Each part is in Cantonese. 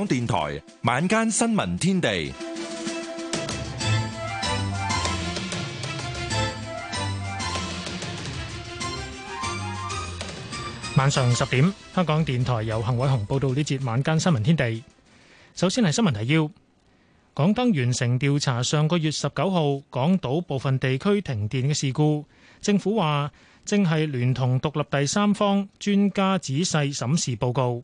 香港電台晚間新聞天地，晚上十點，香港電台由幸偉雄報道呢節晚間新聞天地。首先係新聞提要：港燈完成調查上個月十九號港島部分地區停電嘅事故，政府話正係聯同獨立第三方專家仔細審視報告。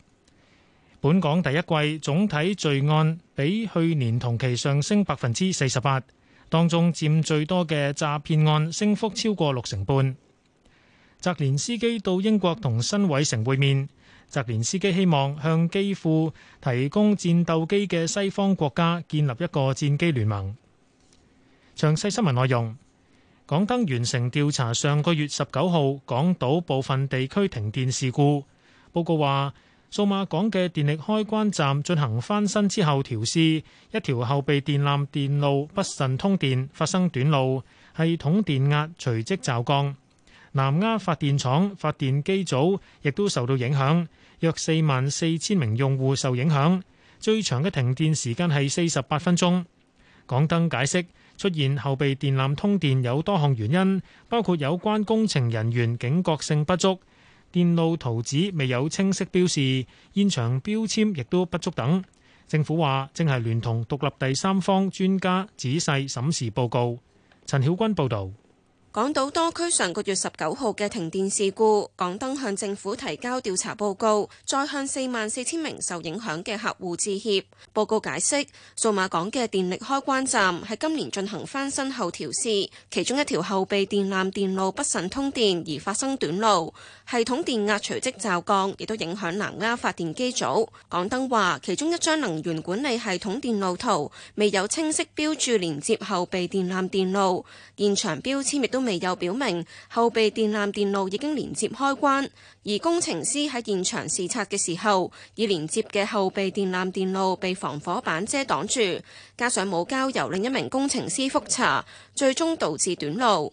本港第一季總體罪案比去年同期上升百分之四十八，當中佔最多嘅詐騙案升幅超過六成半。澤連斯基到英國同新委城會面，澤連斯基希望向基輔提供戰鬥機嘅西方國家建立一個戰機聯盟。詳細新聞內容，港燈完成調查，上個月十九號港島部分地區停電事故報告話。數碼港嘅電力開關站進行翻新之後調試，一條後備電纜電路不慎通電，發生短路，系統電壓隨即驟降。南丫發電廠發電機組亦都受到影響，約四萬四千名用戶受影響，最長嘅停電時間係四十八分鐘。港燈解釋，出現後備電纜通電有多項原因，包括有關工程人員警覺性不足。電路圖紙未有清晰標示，現場標籤亦都不足等。政府話正係聯同獨立第三方專家仔細審視報告。陳曉君報道，港島多區上個月十九號嘅停電事故，港燈向政府提交調查報告，再向四萬四千名受影響嘅客戶致歉。報告解釋，數碼港嘅電力開關站喺今年進行翻新後調試，其中一條後備電纜電路不慎通電而發生短路。系統電壓隨即驟降，亦都影響南丫發電機組。港燈話，其中一張能源管理系統電路圖未有清晰標注連接後備電纜電路，現場標籤亦都未有表明後備電纜電路已經連接開關。而工程師喺現場視察嘅時候，已連接嘅後備電纜電路被防火板遮擋住，加上冇交由另一名工程師覆查，最終導致短路。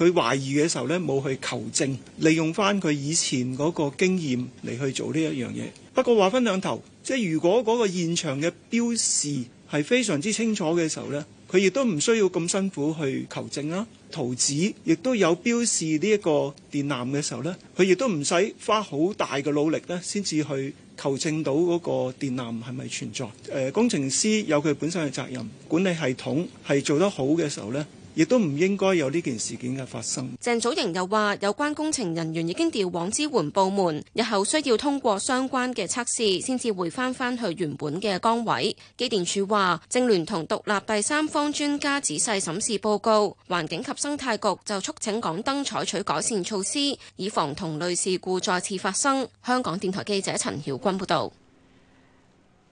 佢懷疑嘅時候呢，冇去求證，利用翻佢以前嗰個經驗嚟去做呢一樣嘢。不過話分兩頭，即係如果嗰個現場嘅標示係非常之清楚嘅時候呢，佢亦都唔需要咁辛苦去求證啦、啊。圖紙亦都有標示呢一個電纜嘅時候呢，佢亦都唔使花好大嘅努力呢，先至去求證到嗰個電纜係咪存在。誒、呃，工程師有佢本身嘅責任，管理系統係做得好嘅時候呢。亦都唔應該有呢件事件嘅發生。鄭祖瑩又話：有關工程人員已經調往支援部門，日後需要通過相關嘅測試，先至會翻翻去原本嘅崗位。機電署話正聯同獨立第三方專家仔細審視報告，環境及生態局就促請港燈採取改善措施，以防同類事故再次發生。香港電台記者陳曉君報導。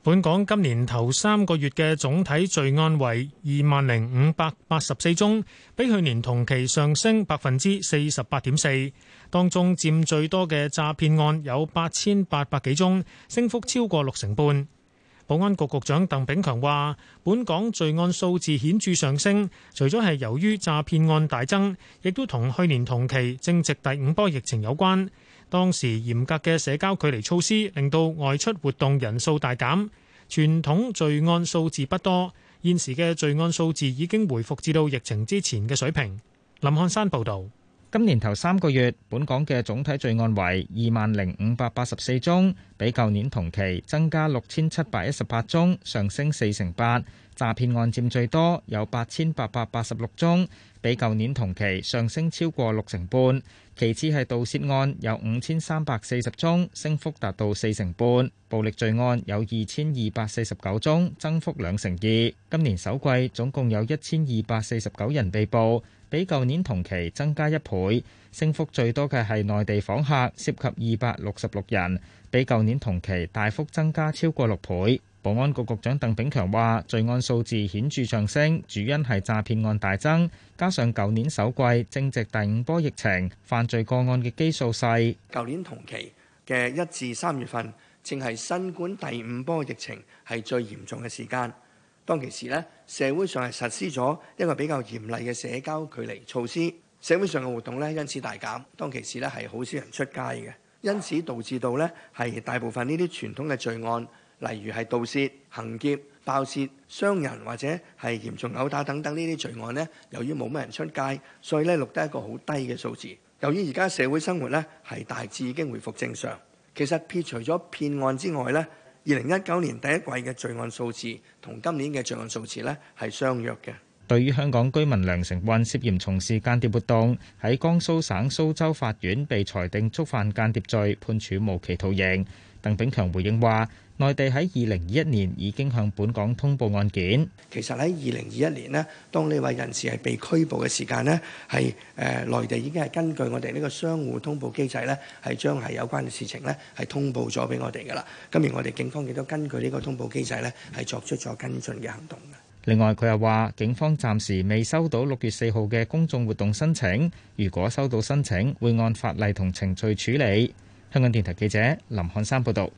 本港今年頭三個月嘅總體罪案為二萬零五百八十四宗，比去年同期上升百分之四十八點四。當中佔最多嘅詐騙案有八千八百幾宗，升幅超過六成半。保安局局長鄧炳強話：本港罪案數字顯著上升，除咗係由於詐騙案大增，亦都同去年同期正值第五波疫情有關。當時嚴格嘅社交距離措施，令到外出活動人數大減，傳統罪案數字不多。現時嘅罪案數字已經回復至到疫情之前嘅水平。林漢山報導，今年頭三個月，本港嘅總體罪案為二萬零五百八十四宗，比舊年同期增加六千七百一十八宗，上升四成八。詐騙案佔最多，有八千八百八十六宗，比舊年同期上升超過六成半。其次係盜竊案有五千三百四十宗，升幅達到四成半；暴力罪案有二千二百四十九宗，增幅兩成二。今年首季總共有一千二百四十九人被捕，比舊年同期增加一倍。升幅最多嘅係內地訪客，涉及二百六十六人，比舊年同期大幅增加超過六倍。保安局局長鄧炳強話，罪案數字顯著上升，主因係詐騙案大增，加上舊年首季正值第五波疫情，犯罪個案嘅基數細。舊年同期嘅一至三月份，正係新冠第五波疫情係最嚴重嘅時間。當其時呢，社會上係實施咗一個比較嚴厲嘅社交距離措施，社會上嘅活動呢因此大減。當其時呢係好少人出街嘅，因此導致到呢係大部分呢啲傳統嘅罪案。例如係盜竊、行劫、爆竊、傷人或者係嚴重毆打等等呢啲罪案咧，由於冇乜人出街，所以咧錄得一個好低嘅數字。由於而家社會生活咧係大致已經恢復正常，其實撇除咗騙案之外呢，二零一九年第一季嘅罪案數字同今年嘅罪案數字咧係相約嘅。對於香港居民梁成運涉嫌從事間諜活動喺江蘇省蘇州法院被裁定觸犯間諜罪，判處無期徒刑，鄧炳強回應話。內地喺二零二一年已經向本港通報案件。其實喺二零二一年咧，當呢位人士係被拘捕嘅時間咧，係誒內地已經係根據我哋呢個相互通報機制咧，係將係有關嘅事情咧係通報咗俾我哋噶啦。今年我哋警方亦都根據呢個通報機制咧，係作出咗跟進嘅行動。另外，佢又話警方暫時未收到六月四號嘅公眾活動申請。如果收到申請，會按法例同程序處理。香港電台記者林漢山報道。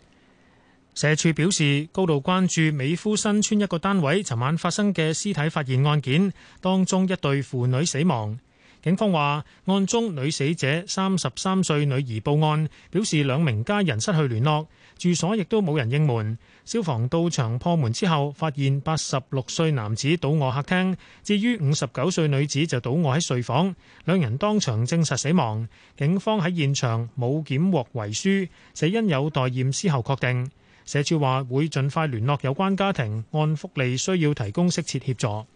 社署表示高度關注美孚新村一個單位，尋晚發生嘅屍體發現案件，當中一對父女死亡。警方話，案中女死者三十三歲，歲女兒報案表示兩名家人失去聯絡，住所亦都冇人應門。消防到場破門之後，發現八十六歲男子倒卧客廳，至於五十九歲女子就倒卧喺睡房，兩人當場證實死亡。警方喺現場冇檢獲遺書，死因有待驗屍後確定。社署話會盡快聯絡有關家庭，按福利需要提供適切協助。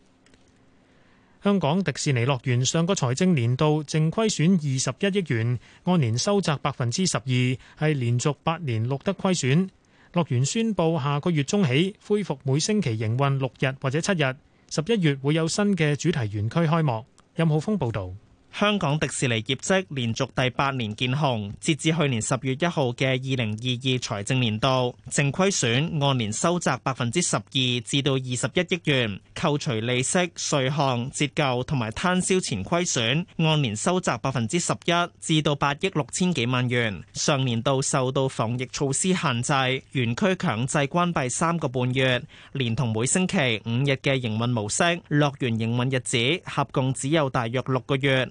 香港迪士尼樂園上個財政年度淨虧損二十一億元，按年收窄百分之十二，係連續八年錄得虧損。樂園宣布下個月中起恢復每星期營運六日或者七日，十一月會有新嘅主題園區開幕。任浩峰報導。香港迪士尼業績連續第八年見紅，截至去年十月一號嘅二零二二財政年度淨虧損按年收窄百分之十二至到二十一億元，扣除利息、稅項、折舊同埋攤銷前虧損按年收窄百分之十一至到八億六千幾萬元。上年度受到防疫措施限制，園區強制關閉三個半月，連同每星期五日嘅營運模式，樂園營運日子合共只有大約六個月。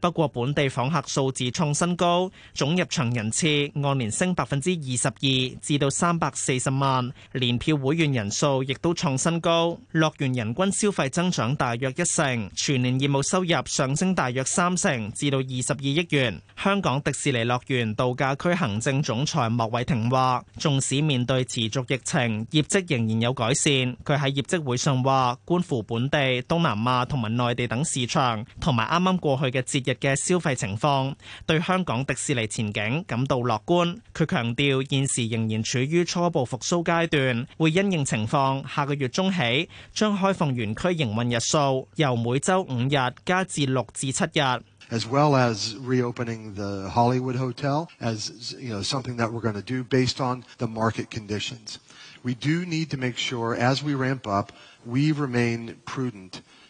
不過本地訪客數字創新高，總入場人次按年升百分之二十二，至到三百四十萬；年票會員人數亦都創新高，樂園人均消費增長大約一成，全年業務收入上升大約三成，至到二十二億元。香港迪士尼樂園度假區行政總裁莫偉霆話：縱使面對持續疫情，業績仍然有改善。佢喺業績會上話，觀乎本地、東南亞同埋內地等市場，同埋啱啱過去嘅節日嘅消費情況，對香港迪士尼前景感到樂觀。佢強調現時仍然處於初步復甦階段，會因應情況，下個月中起將開放園區營運日數由每週五日加至六至七日。As well as reopening the Hollywood Hotel as, you know, something that we're gonna do based on the market conditions. We do need to make sure as we ramp up, we remain prudent.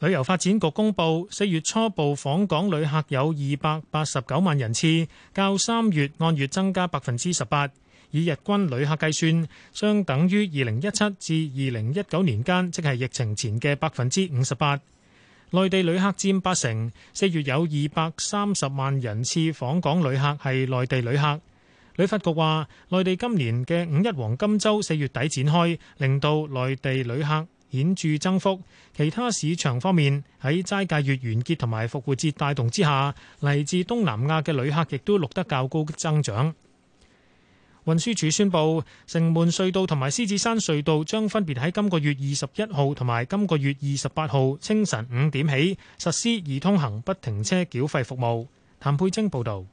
旅遊發展局公布，四月初步訪港旅客有二百八十九萬人次，較三月按月增加百分之十八，以日均旅客計算，相等於二零一七至二零一九年間，即係疫情前嘅百分之五十八。內地旅客佔八成，四月有二百三十萬人次訪港旅客係內地旅客。旅發局話，內地今年嘅五一黃金周四月底展開，令到內地旅客顯著增幅。其他市場方面，喺齋戒月完結同埋復活節帶動之下，嚟自東南亞嘅旅客亦都錄得較高嘅增長。運輸署宣布，城門隧道同埋獅子山隧道將分別喺今個月二十一號同埋今個月二十八號清晨五點起實施易通行不停車繳費服務。譚佩晶報導。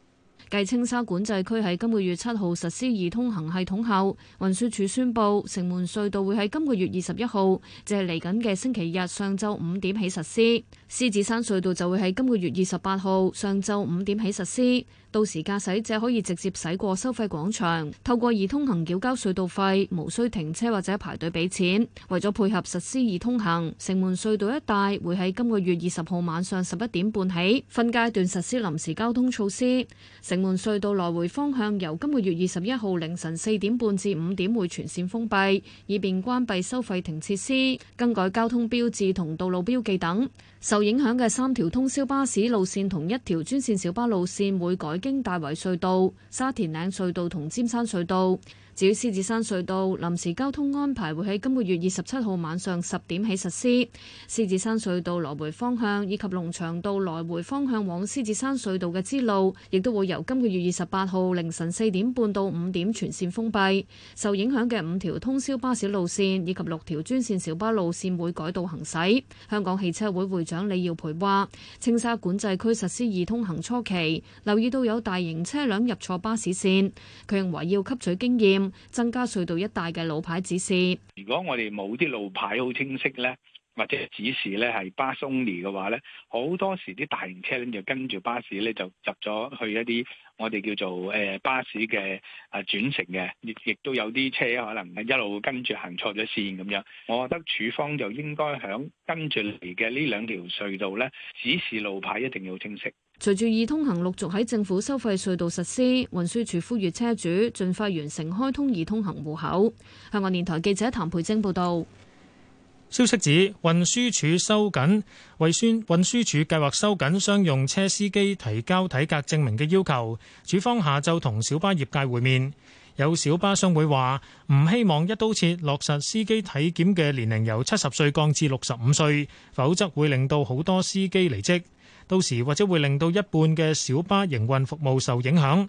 繼青沙管制區喺今個月七號實施二通行系統後，運輸署宣布，城門隧道會喺今個月二十一號，即係嚟緊嘅星期日上晝五點起實施；獅子山隧道就會喺今個月二十八號上晝五點起實施。到時駕駛者可以直接駛過收費廣場，透過易通行繳交隧道費，無需停車或者排隊俾錢。為咗配合實施易通行，城門隧道一帶會喺今個月二十號晚上十一點半起分階段實施臨時交通措施。城門隧道來回方向由今個月二十一號凌晨四點半至五點會全線封閉，以便關閉收費亭設施、更改交通標誌同道路標記等。受影響嘅三條通宵巴士路線同一條專線小巴路線會改經大圍隧道、沙田嶺隧道同尖山隧道。至於獅子山隧道臨時交通安排會喺今個月二十七號晚上十點起實施。獅子山隧道來回方向以及龍翔道來回方向往獅子山隧道嘅支路，亦都會由今個月二十八號凌晨四點半到五點全線封閉。受影響嘅五條通宵巴士路線以及六條專線小巴路線會改道行駛，香港汽車會會長。李耀培話，青沙管制區實施易通行初期，留意到有大型車輛入錯巴士線，佢認為要吸取經驗，增加隧道一帶嘅路牌指示。如果我哋冇啲路牌好清晰咧。或者指示呢，係巴松尼嘅話呢，好多時啲大型車咧就跟住巴士咧就入咗去一啲我哋叫做誒巴士嘅誒轉乘嘅，亦亦都有啲車可能一路跟住行錯咗線咁樣，我覺得處方就應該響跟住嚟嘅呢兩條隧道呢，指示路牌一定要清晰。隨住易通行陸續喺政府收費隧道實施，運輸署呼籲車主盡快完成開通易通行戶口。香港電台記者譚培晶報道。消息指，運輸署收緊運輸署計劃收緊商用車司機提交體格證明嘅要求，署方下晝同小巴業界會面。有小巴商會話，唔希望一刀切落實司機體檢嘅年齡由七十歲降至六十五歲，否則會令到好多司機離職，到時或者會令到一半嘅小巴營運服務受影響。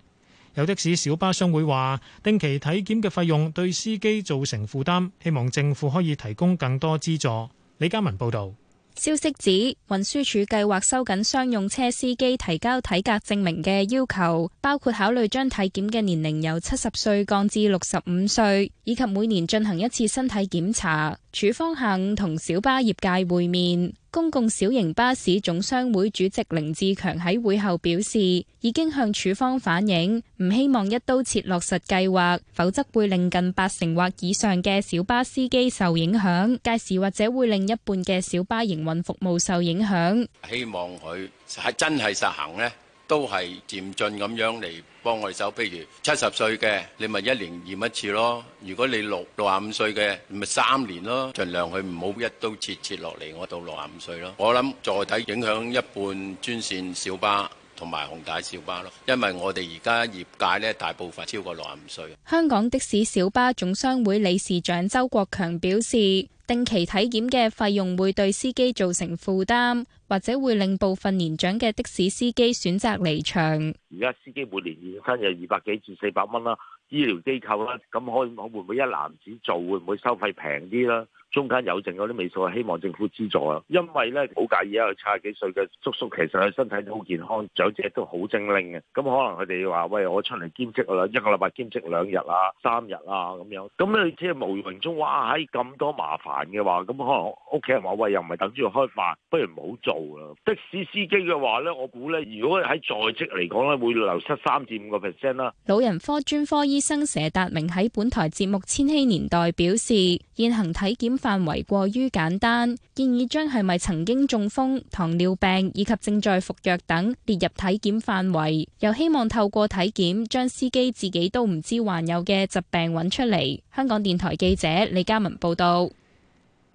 有的士小巴商會話，定期體檢嘅費用對司機造成負擔，希望政府可以提供更多資助。李嘉文報道。消息指，運輸署計劃收緊商用車司機提交體格證明嘅要求，包括考慮將體檢嘅年齡由七十歲降至六十五歲，以及每年進行一次身體檢查。署方下午同小巴業界會面。公共小型巴士總商會主席凌志強喺會後表示，已經向署方反映，唔希望一刀切落實計劃，否則會令近八成或以上嘅小巴司機受影響，屆時或者會令一半嘅小巴營運服務受影響。希望佢係真係實行咧。都係漸進咁樣嚟幫我哋手。譬如七十歲嘅，你咪一年驗一次咯；如果你六六十五歲嘅，咪三年咯，儘量佢唔好一刀切切落嚟，我到六十五歲咯。我諗坐底影響一半專線小巴。同埋紅大小巴咯，因為我哋而家業界咧，大部份超過六十五歲。香港的士小巴總商會理事長周國強表示，定期體檢嘅費用會對司機造成負擔，或者會令部分年長嘅的士司機選擇離場。而家司機每年驗身有二百幾至四百蚊啦，醫療機構啦，咁可以會唔會一攬子做，會唔會收費平啲啦？中間有剩嗰啲微數，希望政府資助啊！因為咧，好介意啊，佢七十幾歲嘅叔叔其實佢身體都好健康，長者都好精靈嘅。咁可能佢哋話：喂，我出嚟兼職啦，一個禮拜兼職兩日啊，三日啊咁樣。咁你即係無形中故哇，喺咁多麻煩嘅話，咁可能屋企人話：喂，又唔係等住開飯，不如唔好做啦。的士司機嘅話咧，我估咧，如果喺在職嚟講咧，會流失三至五個 percent 啦。老人科專科醫生佘達明喺本台節目《千禧年代》表示，現行體檢。範圍過於簡單，建議將係咪曾經中風、糖尿病以及正在服藥等列入體檢範圍。又希望透過體檢將司機自己都唔知患有嘅疾病揾出嚟。香港電台記者李嘉文報道。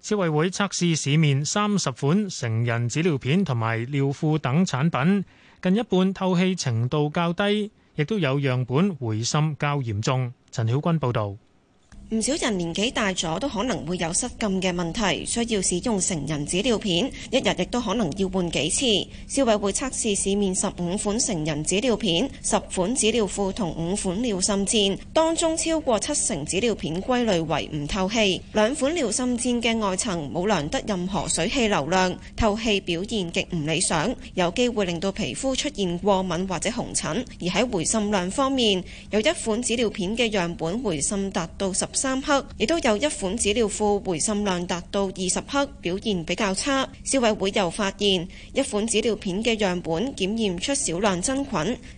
消委會測試市面三十款成人紙尿片同埋尿褲等產品，近一半透氣程度較低，亦都有樣本回滲較嚴重。陳曉君報道。唔少人年紀大咗都可能會有失禁嘅問題，需要使用成人紙尿片，一日亦都可能要換幾次。消委會測試市面十五款成人紙尿片、十款紙尿褲同五款尿滲墊，當中超過七成紙尿片歸類為唔透氣，兩款尿滲墊嘅外層冇量得任何水氣流量，透氣表現極唔理想，有機會令到皮膚出現過敏或者紅疹。而喺回滲量方面，有一款紙尿片嘅樣本回滲達到十三克，亦都有一款紙尿褲回滲量達到二十克，表現比較差。消委會又發現一款紙尿片嘅樣本檢驗出少量真菌，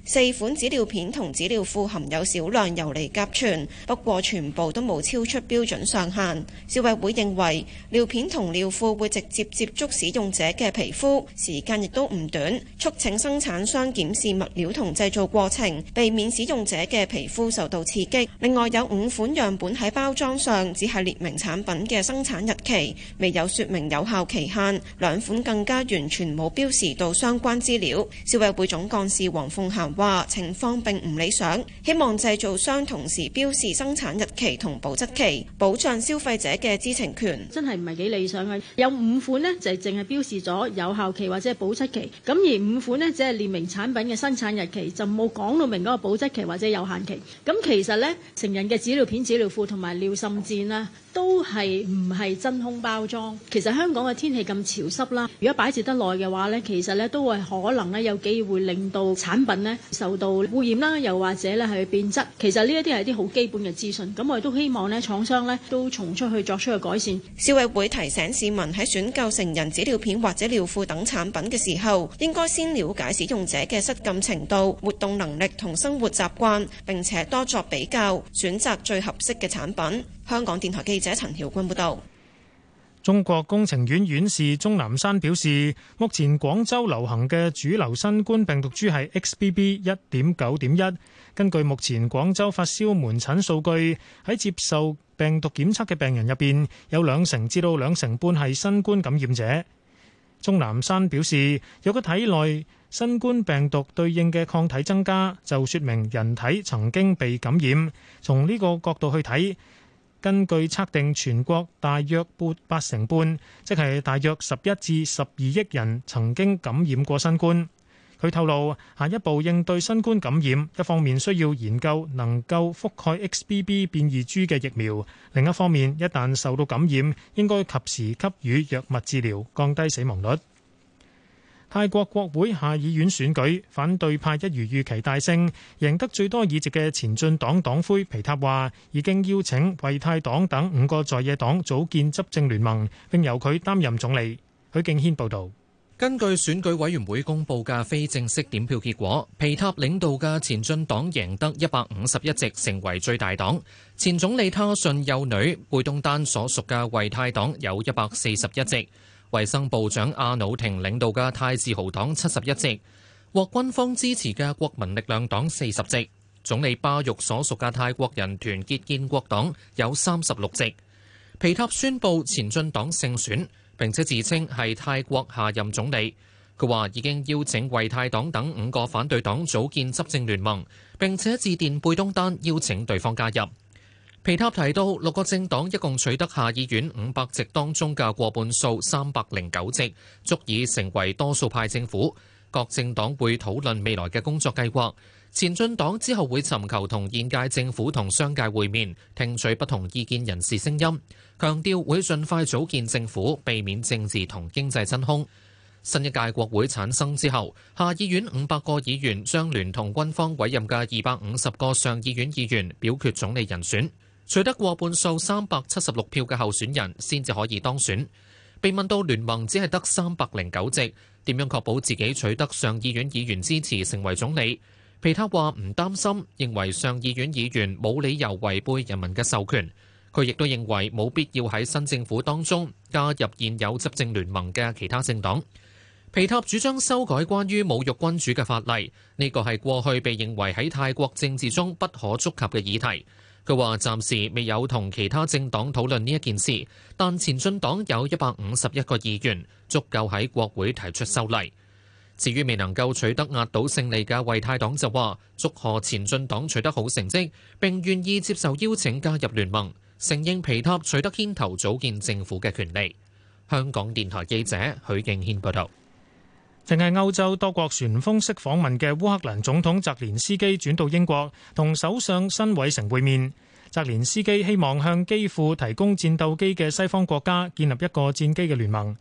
四款紙尿片同紙尿褲含有少量游離甲醛，不過全部都冇超出標準上限。消委會認為尿片同尿褲會直接接觸使用者嘅皮膚，時間亦都唔短，促請生產商檢視物料同製造過程，避免使用者嘅皮膚受到刺激。另外有五款樣本係。喺包裝上只係列明產品嘅生產日期，未有說明有效期限。兩款更加完全冇標示到相關資料。消委會總幹事黃鳳嫻話，情況並唔理想，希望製造商同時標示生產日期同保質期，保障消費者嘅知情權。真係唔係幾理想啊。有五款呢就係淨係標示咗有效期或者保質期，咁而五款呢只係、就是、列明產品嘅生產日期，就冇講到明嗰個保質期或者有限期。咁其實呢成人嘅紙尿片、紙尿褲。同埋廖心佔啦。都係唔係真空包裝？其實香港嘅天氣咁潮濕啦，如果擺置得耐嘅話呢，其實呢都會可能呢有機會令到產品呢受到污染啦，又或者呢係變質。其實呢一啲係啲好基本嘅資訊。咁我亦都希望呢廠商呢都重出去作出嘅改善。消委會提醒市民，喺選購成人紙尿片或者尿褲等產品嘅時候，應該先了解使用者嘅失禁程度、活動能力同生活習慣，並且多作比較，選擇最合適嘅產品。香港電台記者陳曉君報道，中國工程院院士鍾南山表示，目前廣州流行嘅主流新冠病毒株係 XBB 一點九點一。根據目前廣州發燒門診數據，喺接受病毒檢測嘅病人入面，有兩成至到兩成半係新冠感染者。鍾南山表示，如果體內新冠病毒對應嘅抗體增加，就說明人體曾經被感染。從呢個角度去睇。根據測定，全國大約八八成半，即係大約十一至十二億人曾經感染過新冠。佢透露，下一步應對新冠感染，一方面需要研究能夠覆蓋 XBB 變異株嘅疫苗，另一方面一旦受到感染，應該及時給予藥物治療，降低死亡率。泰國國會下議院選舉，反對派一如預期大勝，贏得最多議席嘅前進黨黨魁皮塔話，已經邀請為泰黨等五個在野黨組建執政聯盟，並由佢擔任總理。許敬軒報道。根據選舉委員會公布嘅非正式點票結果，皮塔領導嘅前進黨贏得一百五十一席，成為最大黨。前總理他信幼女貝東丹所屬嘅為泰黨有一百四十一席。衛生部長阿努廷領導嘅泰自豪黨七十一席，獲軍方支持嘅國民力量黨四十席，總理巴育所屬嘅泰國人團結建國黨有三十六席。皮塔宣布前進黨勝選，並且自稱係泰國下任總理。佢話已經邀請為泰黨等五個反對黨組建執政聯盟，並且致電貝東丹邀請對方加入。皮塔提到，六個政黨一共取得下議院五百席當中嘅過半數，三百零九席，足以成為多數派政府。各政黨會討論未來嘅工作計劃。前進黨之後會尋求同現屆政府同商界會面，聽取不同意見人士聲音，強調會盡快組建政府，避免政治同經濟真空。新一屆國會產生之後，下議院五百個議員將聯同軍方委任嘅二百五十個上議院議員表決總理人選。取得過半數三百七十六票嘅候選人先至可以當選。被問到聯盟只係得三百零九席，點樣確保自己取得上議院議員支持成為總理？皮塔話唔擔心，認為上議院議員冇理由違背人民嘅授權。佢亦都認為冇必要喺新政府當中加入現有執政聯盟嘅其他政黨。皮塔主張修改關於侮辱君主嘅法例，呢個係過去被認為喺泰國政治中不可觸及嘅議題。佢話暫時未有同其他政黨討論呢一件事，但前進黨有一百五十一個議員，足夠喺國會提出修例。至於未能夠取得壓倒勝利嘅維泰黨就話，祝賀前進黨取得好成績，並願意接受邀請加入聯盟，承認皮塔取得牽頭組建政府嘅權利。香港電台記者許敬軒報道。淨係歐洲多國旋風式訪問嘅烏克蘭總統澤連斯基轉到英國同首相辛偉誠會面。澤連斯基希望向基輔提供戰鬥機嘅西方國家建立一個戰機嘅聯盟。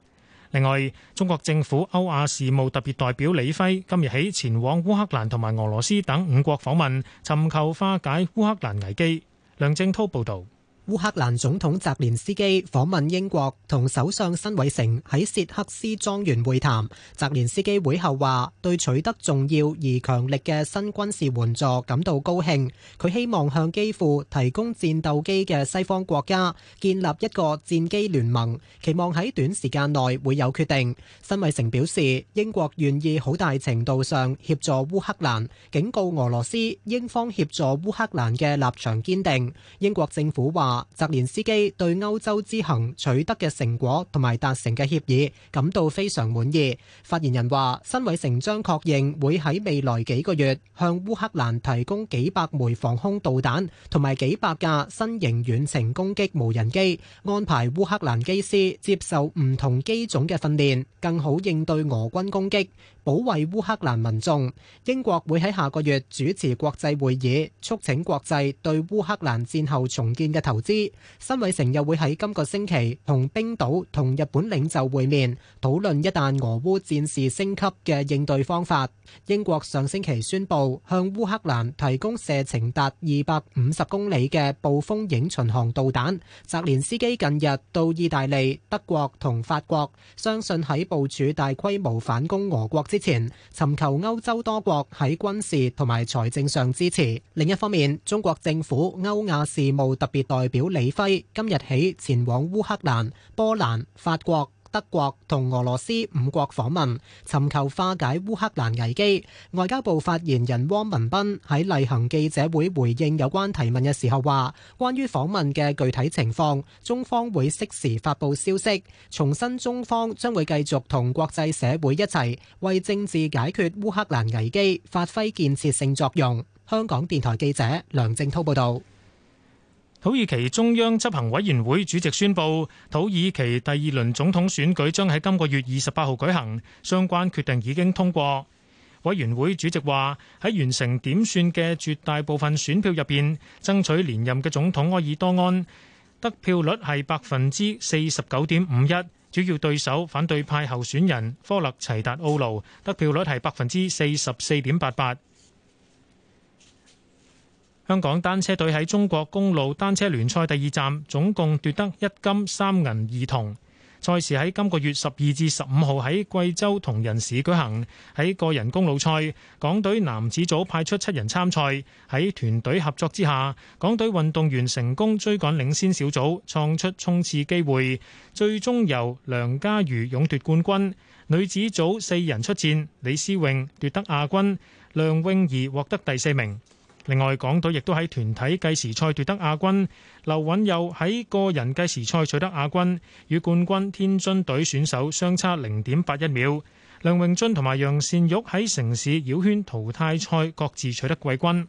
另外，中國政府歐亞事務特別代表李輝今日起前往烏克蘭同埋俄羅斯等五國訪問，尋求化解烏克蘭危機。梁正濤報道。烏克蘭總統澤連斯基訪問英國同首相辛偉誠喺薛克斯莊園會談。澤連斯基會後話，對取得重要而強力嘅新軍事援助，感到高興。佢希望向基輔提供戰鬥機嘅西方國家建立一個戰機聯盟，期望喺短時間內會有決定。辛偉誠表示，英國願意好大程度上協助烏克蘭，警告俄羅斯，英方協助烏克蘭嘅立場堅定。英國政府話。澤連斯基對歐洲之行取得嘅成果同埋達成嘅協議感到非常滿意。發言人話，新委成將確認會喺未來幾個月向烏克蘭提供幾百枚防空導彈同埋幾百架新型遠程攻擊無人機，安排烏克蘭機師接受唔同機種嘅訓練，更好應對俄軍攻擊，保衛烏克蘭民眾。英國會喺下個月主持國際會議，促請國際對烏克蘭戰後重建嘅投。之，新委成又會喺今個星期同冰島同日本領袖會面，討論一旦俄烏戰事升級嘅應對方法。英國上星期宣布向烏克蘭提供射程達二百五十公里嘅暴風影巡航導彈。澤連斯基近日到意大利、德國同法國，相信喺部署大規模反攻俄國之前，尋求歐洲多國喺軍事同埋財政上支持。另一方面，中國政府歐亞事務特別代表。表李輝今日起前往烏克蘭、波蘭、法國、德國同俄羅斯五國訪問，尋求化解烏克蘭危機。外交部發言人汪文斌喺例行記者會回應有關提問嘅時候話，關於訪問嘅具體情況，中方會適時發布消息。重申中方將會繼續同國際社會一齊為政治解決烏克蘭危機發揮建設性作用。香港電台記者梁正濤報道。土耳其中央執行委員會主席宣布，土耳其第二輪總統選舉將喺今個月二十八號舉行，相關決定已經通過。委員會主席話，喺完成點算嘅絕大部分選票入邊，爭取連任嘅總統埃爾多安得票率係百分之四十九點五一，主要對手反對派候選人科勒齊達奧盧得票率係百分之四十四點八八。香港單車隊喺中國公路單車聯賽第二站，總共奪得一金三銀二銅。賽事喺今個月十二至十五號喺貴州銅仁市舉行。喺個人公路賽，港隊男子組派出七人參賽，喺團隊合作之下，港隊運動員成功追趕領先小組，創出衝刺機會。最終由梁家瑜勇奪冠軍。女子組四人出戰，李思穎奪得亞軍，梁穎儀獲得第四名。另外，港隊亦都喺團體計時賽奪得亞軍，劉允佑喺個人計時賽取得亞軍，與冠軍天津隊選手相差零點八一秒。梁詠俊同埋楊善玉喺城市繞圈淘汰賽各自取得季軍。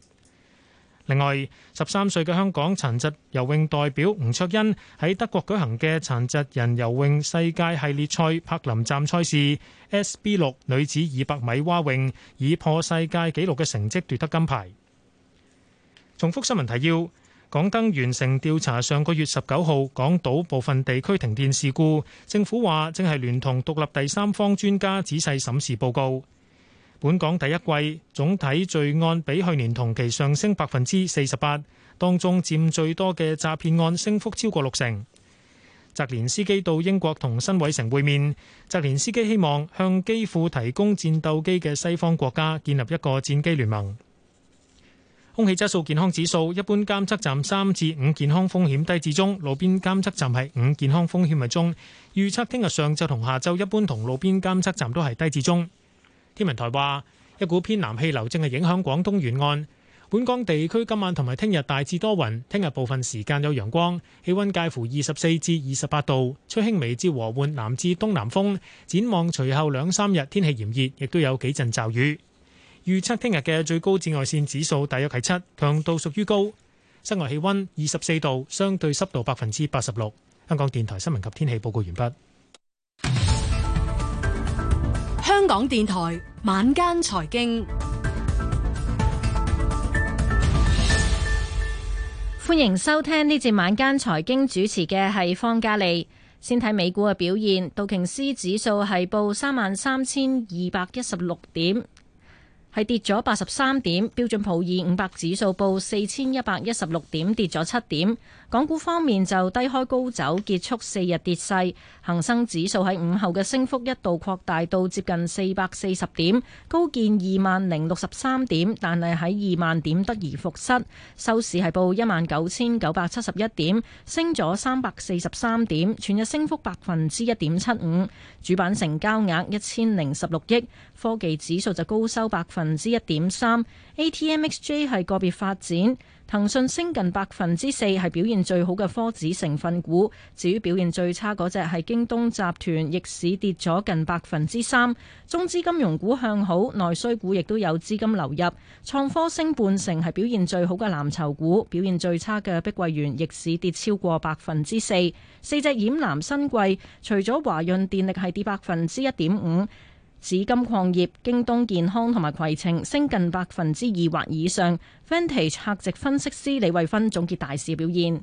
另外，十三歲嘅香港殘疾游泳代表吳卓恩喺德國舉行嘅殘疾人游泳世界系列賽柏林站賽事 SB 六女子二百米蛙泳，以破世界紀錄嘅成績奪得金牌。重複新聞提要：港燈完成調查，上個月十九號港島部分地區停電事故，政府話正係聯同獨立第三方專家仔細審視報告。本港第一季總體罪案比去年同期上升百分之四十八，當中佔最多嘅詐騙案升幅超過六成。澤連斯基到英國同辛偉誠會面，澤連斯基希望向基輔提供戰鬥機嘅西方國家建立一個戰機聯盟。空氣質素健康指數，一般監測站三至五，健康風險低至中，路邊監測站係五，健康風險係中。預測聽日上晝同下晝一般同路邊監測站都係低至中。天文台話，一股偏南氣流正係影響廣東沿岸，本港地區今晚同埋聽日大致多雲，聽日部分時間有陽光，氣温介乎二十四至二十八度，吹輕微至和緩南至東南風。展望隨後兩三日，天氣炎熱，亦都有幾陣驟雨。預測聽日嘅最高紫外線指數大約係七，強度屬於高。室外氣温二十四度，相對濕度百分之八十六。香港電台新聞及天氣報告完畢。香港電台晚間財經，歡迎收聽呢節晚間財經。主持嘅係方嘉利。先睇美股嘅表現，道瓊斯指數係報三萬三千二百一十六點，係跌咗八十三點，標準普爾五百指數報四千一百一十六點，跌咗七點。港股方面就低開高走，結束四日跌勢。恒生指數喺午後嘅升幅一度擴大到接近四百四十點，高見二萬零六十三點，但係喺二萬點得而復失。收市係報一萬九千九百七十一點，升咗三百四十三點，全日升幅百分之一點七五。主板成交額一千零十六億。科技指數就高收百分之一點三。ATMXJ 係個別發展。騰訊升近百分之四，係表現最好嘅科指成分股。至於表現最差嗰隻係京東集團，逆市跌咗近百分之三。中資金融股向好，內需股亦都有資金流入。創科升半成，係表現最好嘅藍籌股。表現最差嘅碧桂園逆市跌超過百分之四。四隻染藍新貴，除咗華潤電力係跌百分之一點五。紫金礦業、京東健康同埋攜程升近百分之二或以上。Vantage 客席分析師李慧芬總結大市表現。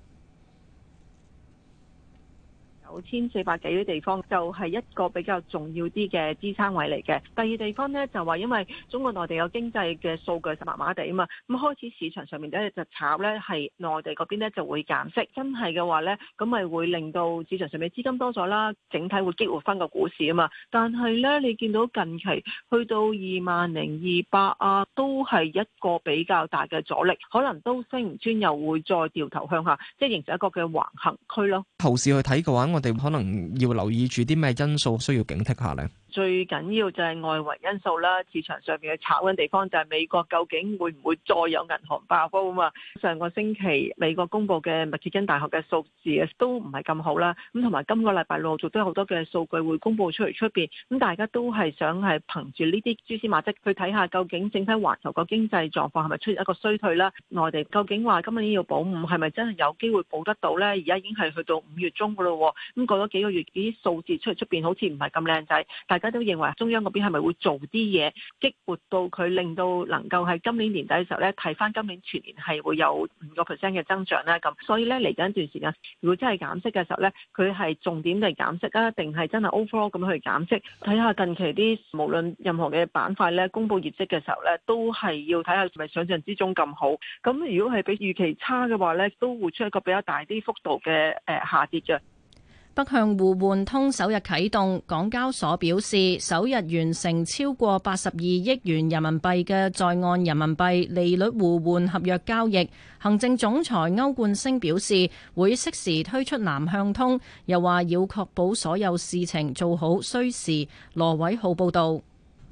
九千四百幾啲地方就係、是、一個比較重要啲嘅支撐位嚟嘅。第二地方呢，就話，因為中國內地有經濟嘅數據就麻麻地啊嘛，咁、嗯、開始市場上面咧就炒呢，係內地嗰邊呢就會減息，真係嘅話呢，咁咪會令到市場上面資金多咗啦，整體會激活翻個股市啊嘛。但係呢，你見到近期去到二萬零二百啊，都係一個比較大嘅阻力，可能都升唔穿，又會再掉頭向下，即係形成一個嘅橫行區咯。後市去睇嘅話，我哋可能要留意住啲咩因素需要警惕下咧？最緊要就係外圍因素啦，市場上面嘅炒嘅地方就係美國，究竟會唔會再有銀行爆煲啊？嘛，上個星期美國公布嘅密歇根大學嘅數字都唔係咁好啦。咁同埋今個禮拜六都有好多嘅數據會公佈出嚟出邊，咁大家都係想係憑住呢啲蛛絲馬跡去睇下，究竟整體環球個經濟狀況係咪出現一個衰退啦？內地究竟話今年要保五，係咪真係有機會保得到呢？而家已經係去到五月中嘅咯，咁過咗幾個月啲數字出嚟出邊好似唔係咁靚仔，但大家都認為中央嗰邊係咪會做啲嘢激活到佢，令到能夠喺今年年底嘅時候咧，睇返今年全年係會有五個 percent 嘅增長咧。咁所以咧嚟緊一段時間，如果真係減息嘅時候咧，佢係重點係減息啊，定係真係 overall 咁去減息？睇下近期啲無論任何嘅板塊咧，公布業績嘅時候咧，都係要睇下係咪想像之中咁好。咁如果係比預期差嘅話咧，都會出一個比較大啲幅度嘅誒下跌嘅。北向互換通首日啟動，港交所表示首日完成超過八十二億元人民幣嘅在岸人民幣利率互換合約交易。行政總裁歐冠昇表示會適時推出南向通，又話要確保所有事情做好需時。羅偉浩報導。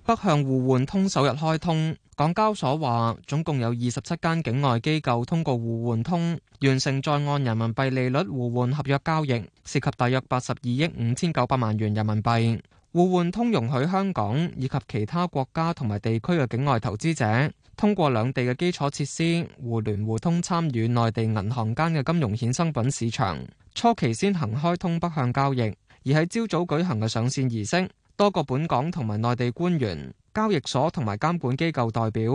北向互換通首日開通，港交所話總共有二十七間境外機構通過互換通完成在岸人民幣利率互換合約交易，涉及大約八十二億五千九百萬元人民幣。互換通容許香港以及其他國家同埋地區嘅境外投資者通過兩地嘅基礎設施互聯互通參與內地銀行間嘅金融衍生品市場。初期先行開通北向交易，而喺朝早舉行嘅上線儀式。多個本港同埋內地官員、交易所同埋監管機構代表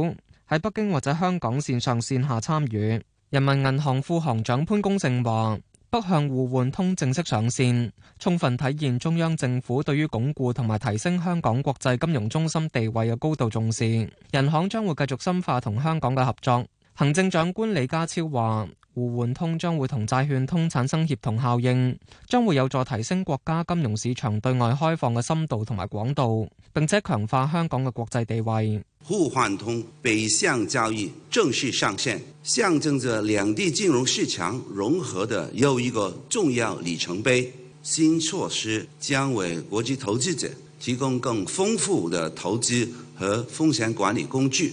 喺北京或者香港線上線下參與。人民銀行副行長潘功勝話：北向互換通正式上線，充分體現中央政府對於鞏固同埋提升香港國際金融中心地位嘅高度重視。人行將會繼續深化同香港嘅合作。行政長官李家超話。互換通將會同債券通產生協同效應，將會有助提升國家金融市場對外開放嘅深度同埋廣度，並且強化香港嘅國際地位。互換通北向交易正式上線，象徵着兩地金融市場融合的又一個重要里程碑。新措施將為國際投資者提供更豐富嘅投資和風險管理工具。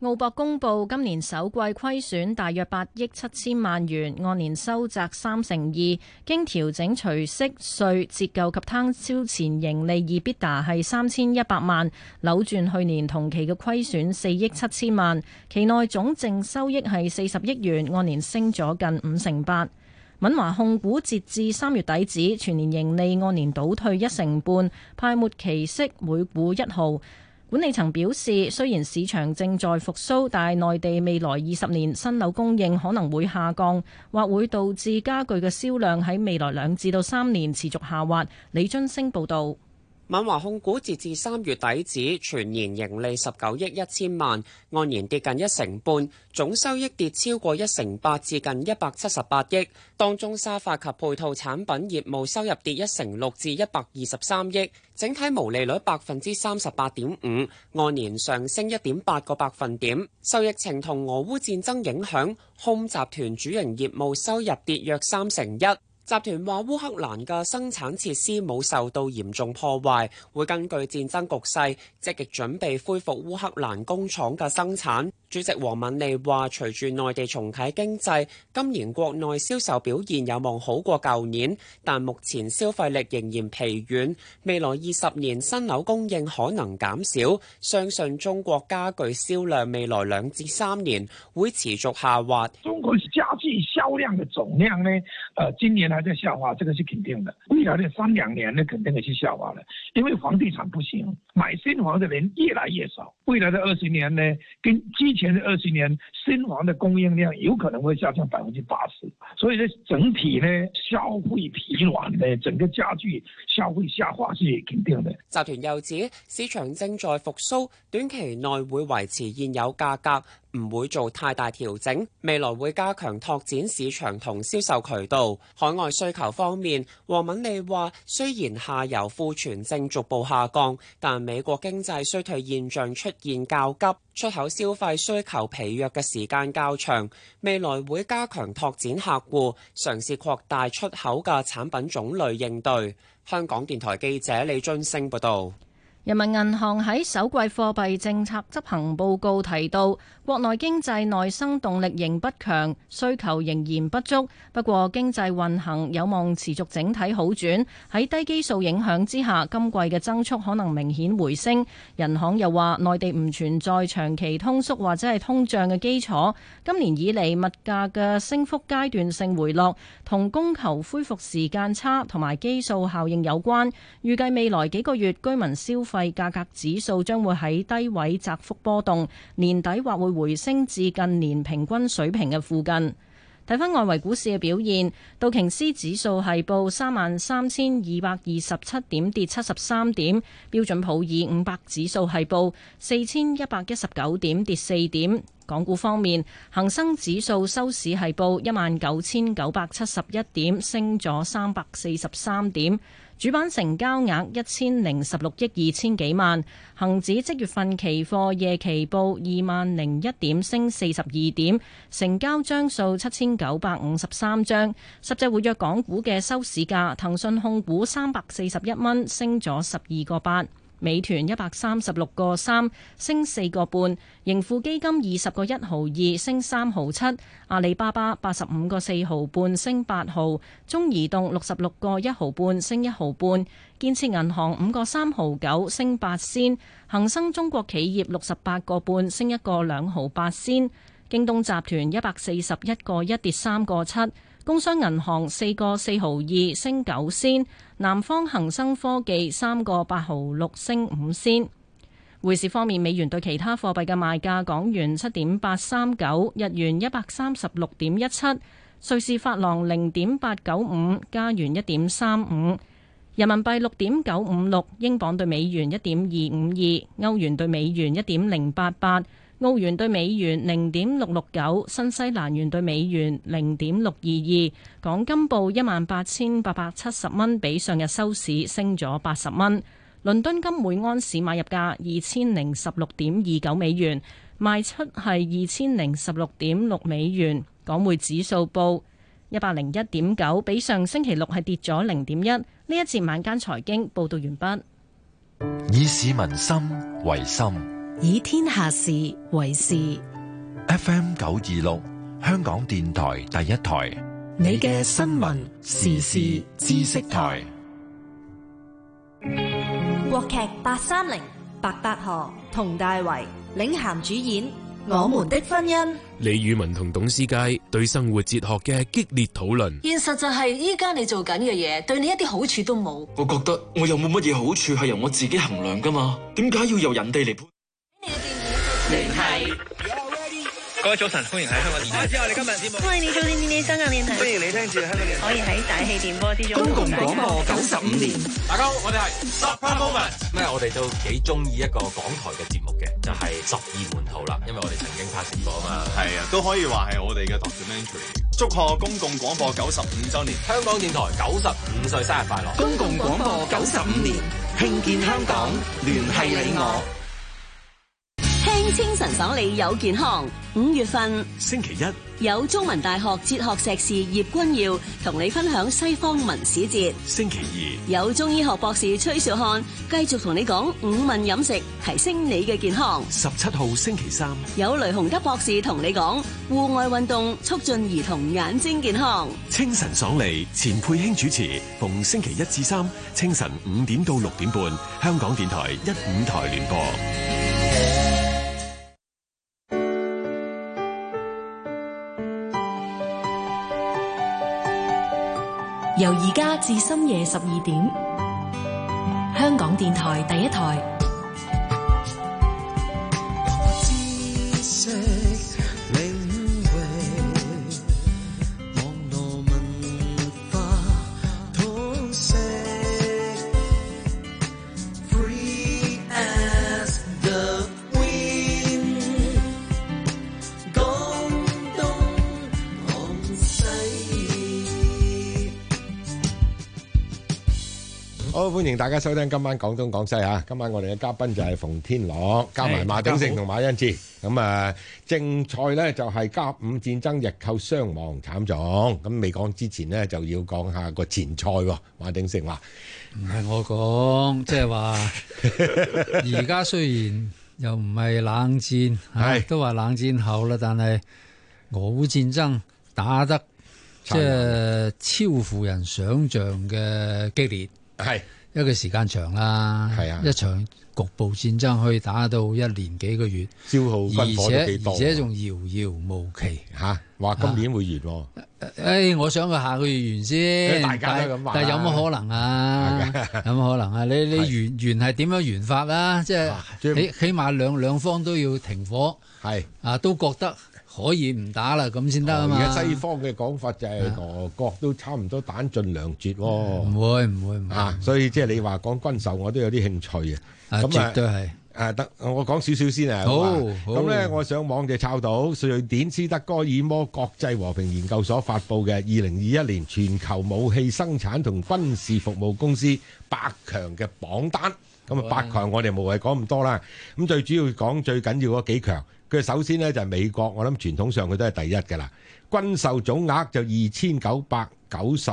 澳博公布今年首季虧損大約八億七千萬元，按年收窄三成二，經調整除息稅折舊及攤銷前盈利二必達係三千一百萬，扭轉去年同期嘅虧損四億七千萬。期內總淨收益係四十億元，按年升咗近五成八。敏華控股截至三月底止，全年盈利按年倒退一成半，派末期息每股一毫。管理層表示，雖然市場正在復甦，但係內地未來二十年新樓供應可能會下降，或會導致家具嘅銷量喺未來兩至到三年持續下滑。李津升報導。敏華控股截至三月底止，全年盈利十九億一千萬，按年跌近一成半，總收益跌超過一成八，至近一百七十八億。當中沙發及配套產品業務收入跌一成六，至一百二十三億，整體毛利率百分之三十八點五，按年上升一點八個百分點。受疫情同俄烏戰爭影響，HOME 集團主營業務收入跌約三成一。集團話烏克蘭嘅生產設施冇受到嚴重破壞，會根據戰爭局勢積極準備恢復烏克蘭工廠嘅生產。主席黃敏利話，隨住內地重啟經濟，今年國內銷售表現有望好過舊年，但目前消費力仍然疲軟。未來二十年新樓供應可能減少，相信中國家具銷量未來兩至三年會持續下滑。中國家具銷量嘅總量呢，呃，今年還在下滑，這個是肯定的。未來的三兩年呢，肯定也是下滑的，因為房地產不行，買新房的人越來越少。未來的二十年呢，跟之前的二十年，新房的供應量有可能會下降百分之八十。所以呢，整體呢，消費疲軟呢，整個家具消費下滑是肯定的。集團又指，市場正在復甦，短期內會維持現有價格。唔會做太大調整，未來會加強拓展市場同銷售渠道。海外需求方面，黃敏利話，雖然下游庫存正逐步下降，但美國經濟衰退現象出現較急，出口消費需求疲弱嘅時間較長。未來會加強拓展客戶，嘗試擴大出口嘅產品種類，應對。香港電台記者李津星報道。人民銀行喺首季貨幣政策執行報告提到。國內經濟內生動力仍不強，需求仍然不足。不過經濟運行有望持續整體好轉。喺低基數影響之下，今季嘅增速可能明顯回升。人行又話，內地唔存在長期通縮或者係通脹嘅基礎。今年以嚟物價嘅升幅階段性回落，同供求恢復時間差同埋基數效應有關。預計未來幾個月居民消費價格指數將會喺低位窄幅波動，年底或會。回升至近年平均水平嘅附近。睇翻外圍股市嘅表現，道瓊斯指數係報三萬三千二百二十七點，跌七十三點；標準普爾五百指數係報四千一百一十九點，跌四點。港股方面，恒生指數收市係報一萬九千九百七十一點，升咗三百四十三點，主板成交額一千零十六億二千幾萬。恒指即月份期貨夜期報二萬零一點，升四十二點，成交張數七千九百五十三張。十隻活躍港股嘅收市價，騰訊控股三百四十一蚊，升咗十二個八。美團一百三十六個三升四個半，盈富基金二十個一毫二升三毫七，阿里巴巴八十五個四毫半升八毫，中移動六十六個一毫半升一毫半，建設銀行五個三毫九升八仙，恒生中國企業六十八個半升一個兩毫八仙，京東集團一百四十一個一跌三個七。工商銀行四個四毫二升九仙，南方恒生科技三個八毫六升五仙。匯市方面，美元對其他貨幣嘅賣價：港元七點八三九，日元一百三十六點一七，瑞士法郎零點八九五，加元一點三五，人民幣六點九五六，英鎊對美元一點二五二，歐元對美元一點零八八。澳元兌美元零點六六九，新西蘭元兌美元零點六二二，港金報一萬八千八百七十蚊，比上日收市升咗八十蚊。倫敦金每安士買入價二千零十六點二九美元，賣出係二千零十六點六美元。港匯指數報一百零一點九，比上星期六係跌咗零點一。呢一節晚間財經報道完畢。以市民心為心。以天下事為事。F. M. 九二六香港電台第一台，你嘅新聞時事知識台。國劇八三零白百何、佟大為領銜主演《我們的婚姻》。李宇文同董思佳對生活哲學嘅激烈討論。現實就係依家你做緊嘅嘢，對你一啲好處都冇。我覺得我又冇乜嘢好處係由我自己衡量噶嘛？點解要由人哋嚟判？係各位早晨，歡迎喺香港電台。歡迎、啊、你早晨，天天香港電台。歡迎你聽住香港電台。可 以喺大氣電波之中。公共廣播九十五年， 大家好，我哋係 Supper Moment。咩、嗯？我哋都幾中意一個港台嘅節目嘅，就係、是、十二門徒啦。因為我哋曾經拍攝過嘛，係 啊，都可以話係我哋嘅 documentary。 祝賀公共廣播九十五周年，香港電台九十五歲生日快樂！公共，共廣播九十五年，慶建香港，聯繫你我。 共共清晨爽利有健康。五月份星期一有中文大學哲學碩士葉君耀同你分享西方文史哲。星期二有中醫學博士崔紹漢繼續同你講五問飲食，提升你嘅健康。十七號星期三有雷洪德博士同你講戶外運動促進兒童眼睛健康。清晨爽利，錢佩卿主持，逢星期一至三清晨五點到六點半，香港電台一五台聯播。而家至深夜十二點，香港電台第一台。好，歡迎大家收聽今晚廣東廣西吓。今晚我哋嘅嘉賓就係馮天樂，加埋馬鼎盛同馬恩志。咁啊，正賽呢，就係甲午戰爭日寇傷亡慘重。咁未講之前呢，就要講下個前賽。馬鼎盛話唔係我講，即係話而家雖然又唔係冷戰，係、 啊、都話冷戰後啦，但係俄烏戰爭打得即係、就是、超乎人想象嘅激烈。係因為佢時間長啦，係啊，一場局部戰爭可以打到一年幾個月，消耗軍火而且而且仲遙遙無期吓。話今年會完，誒，我想佢下個月完先，大家都咁話，但係有冇可能啊？有冇可能啊？你你完完係點樣完法啊？即係起起碼兩兩方都要停火，係啊都覺得。可以唔打啦，咁先得啊嘛！而家西方嘅講法就係俄國都差唔多彈盡糧絕喎。唔會唔會唔會啊！所以即係你話講軍售，我都有啲興趣嘅。咁啊，絕對係啊！得我講少少先啊。好，咁咧，我上網就抄到瑞典斯德哥爾摩國際和平研究所發布嘅二零二一年全球武器生產同軍事服務公司百強嘅榜單。咁啊，百強我哋無謂講咁多啦。咁最主要講最緊要嗰幾強。佢首先咧就係美國，我諗傳統上佢都係第一嘅啦。軍售總額就二千九百九十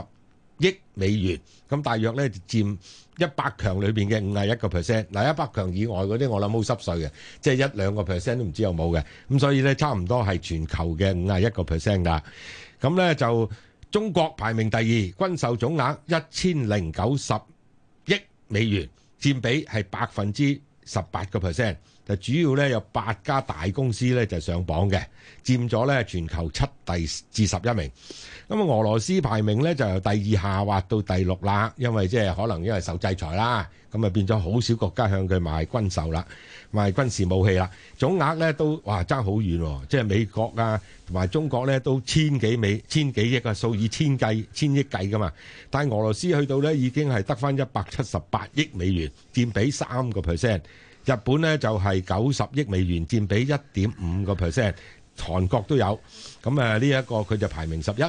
億美元，咁大約咧佔一百強裏邊嘅五十一個 percent。嗱，一百強以外嗰啲我諗好濕碎嘅，即係一兩個 percent 都唔知有冇嘅。咁所以咧差唔多係全球嘅五十一個 percent 㗎。咁咧就中國排名第二，軍售總額一千零九十億美元，佔比係百分之十八個 percent。就主要咧有八家大公司咧就上榜嘅，佔咗咧全球七第至十一名。咁啊，俄羅斯排名咧就由第二下滑到第六啦，因為即係可能因為受制裁啦，咁啊變咗好少國家向佢賣軍售啦，賣軍事武器啦。總額咧都哇爭好遠，即係美國啊同埋中國咧都千幾美千幾億啊，數以千計、千億計噶嘛。但係俄羅斯去到咧已經係得返一百七十八億美元，佔比三個 percent。日本咧就係九十億美元，佔比一點五個 percent。韓國都有咁誒，呢一個佢就排名十一。